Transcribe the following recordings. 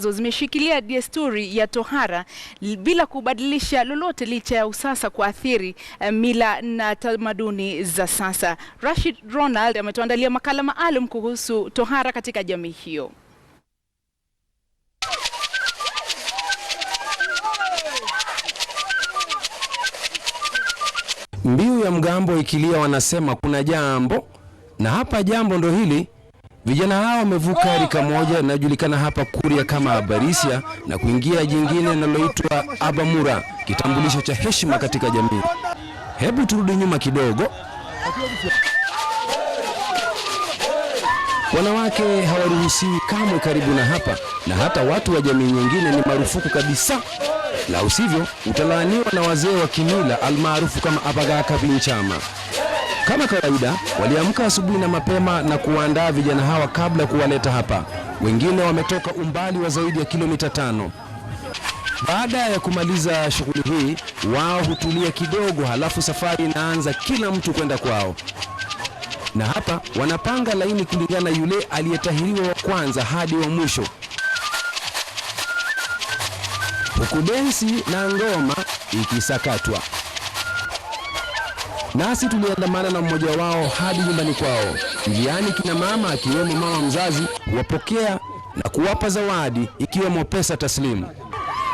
zo zimeshikilia desturi ya tohara bila kubadilisha lolote licha ya usasa kuathiri eh, mila na tamaduni za sasa. Rashid Ronald ametuandalia makala maalum kuhusu tohara katika jamii hiyo. Mbiu ya mgambo ikilia, wanasema kuna jambo, na hapa jambo ndo hili Vijana hao wamevuka rika moja linalojulikana hapa Kuria kama Abarisia na kuingia jingine linaloitwa Abamura, kitambulisho cha heshima katika jamii. Hebu turudi nyuma kidogo. Wanawake hawaruhusiwi kamwe karibu na hapa, na hata watu wa jamii nyingine ni marufuku kabisa, la usivyo utalaaniwa na wazee wa kimila almaarufu kama Abagaka Binchama. Kama kawaida, waliamka asubuhi na mapema na kuwaandaa vijana hawa kabla ya kuwaleta hapa. Wengine wametoka umbali wa zaidi ya kilomita tano. Baada ya kumaliza shughuli hii, wao hutulia kidogo, halafu safari inaanza, kila mtu kwenda kwao. Na hapa wanapanga laini kulingana yule aliyetahiriwa wa kwanza hadi wa mwisho, huku densi na ngoma ikisakatwa nasi tuliandamana na mmoja wao hadi nyumbani kwao. Njiani, kina mama akiwemo mama mzazi huwapokea na kuwapa zawadi ikiwemo pesa taslimu.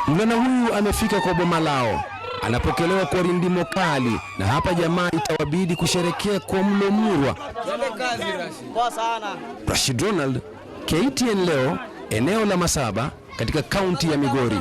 Mvulana huyu amefika kwa boma lao, anapokelewa kwa rindimo kali, na hapa jamaa itawabidi kusherekea kwa mlo murwa. Rashid Ronald, KTN leo, eneo la Masaba katika kaunti ya Migori.